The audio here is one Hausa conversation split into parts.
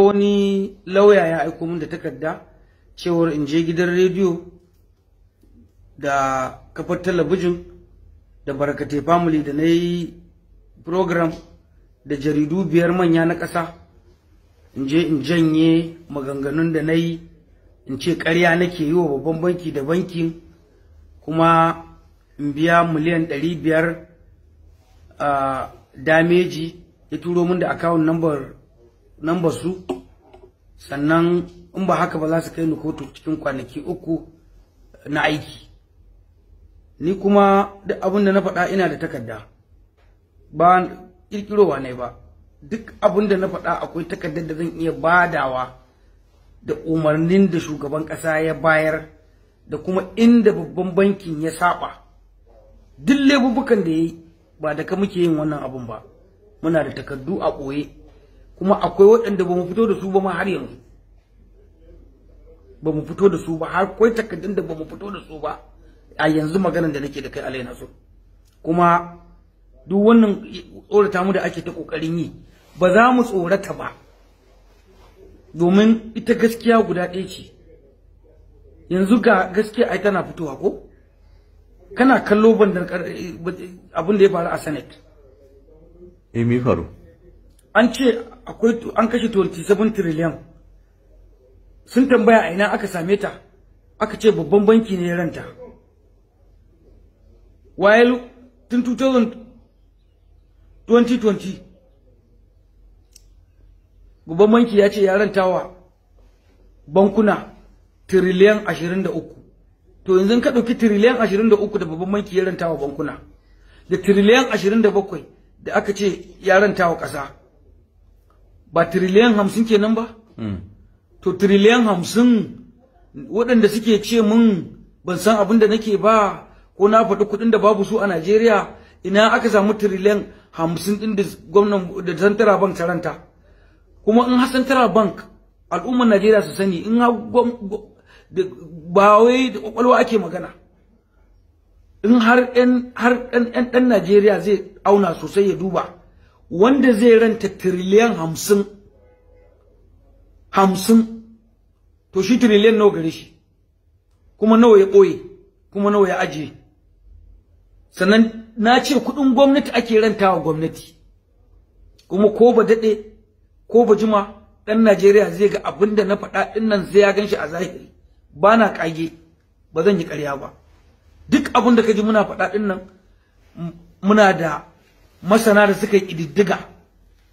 wani lauya ya aiko min da takarda cewar in je gidan rediyo da kafar talabijin da barkate family da na yi program da jaridu biyar manya na ƙasa in je in janye maganganun da na yi in ce ƙarya nake yi wa babban banki da banki kuma in biya miliyan ɗari biyar ah, dameji ya turo min da akawun number number su sannan in ba haka ba za su kai ni kotu cikin kwanaki uku na aiki ni kuma duk abin da na faɗa ina da takarda ba kirkirowa ne ba duk abin da na faɗa akwai takardar da zan iya badawa da umarnin da shugaban ƙasa ya bayar da kuma inda babban bankin ya saba duk laifukan da ya yi ba da ka muke yin wannan abun ba muna da takardu a ɓoye kuma akwai waɗanda ba mu fito da su ba ma har yanzu ba mu fito da su ba har kwai takardun da ba mu fito da su ba a yanzu maganar da nake da kai alaina so kuma duk wannan tsorata mu da ake ta kokarin yi ba za mu tsorata ba domin ita gaskiya guda ɗaya ce yanzu ga gaskiya ai tana fitowa ko kana kallo bandan abin da ya faru a senate eh me faru an ce akwai an kashe 27 trillion sun tambaya a ina aka same ta aka ce babban banki ne ranta while tun 2020 babban banki ya ce ya ranta wa bankuna trillion 23 to yanzu ka ɗauki trillion 23 da babban banki ya ranta wa bankuna da trillion 27 da aka ce ya ranta wa ƙasa ba tiriliyan hamsin kenan ba hmm. to tiriliyan hamsin waɗanda suke ce min ban san abin da nake ba ko na faɗi kuɗin da babu su a Najeriya ina aka samu tiriliyan hamsin ɗin da gwamnan da Santara Bank taranta kuma in ha Bank al'ummar Najeriya su sani in ba wai da ƙwaƙwalwa ake magana in har ɗan Najeriya zai auna sosai ya duba wanda zai ranta tiriliyan hamsin hamsin to shi tiriliyan nawa gare shi kuma nawa ya ɓoye kuma nawa ya ajiye sannan na ce kuɗin gwamnati ake ranta wa gwamnati kuma ko ba daɗe ko ba jima ɗan najeriya zai ga abin da na faɗa ɗin nan zai ya gan a zahiri ba na ƙage ba zan yi ƙarya ba duk abin da ka ji muna faɗa ɗin nan muna da masana da suka ƙididdiga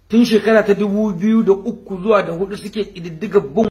tun shekara ta dubu biyu da uku zuwa da hudu suke ididdiga bin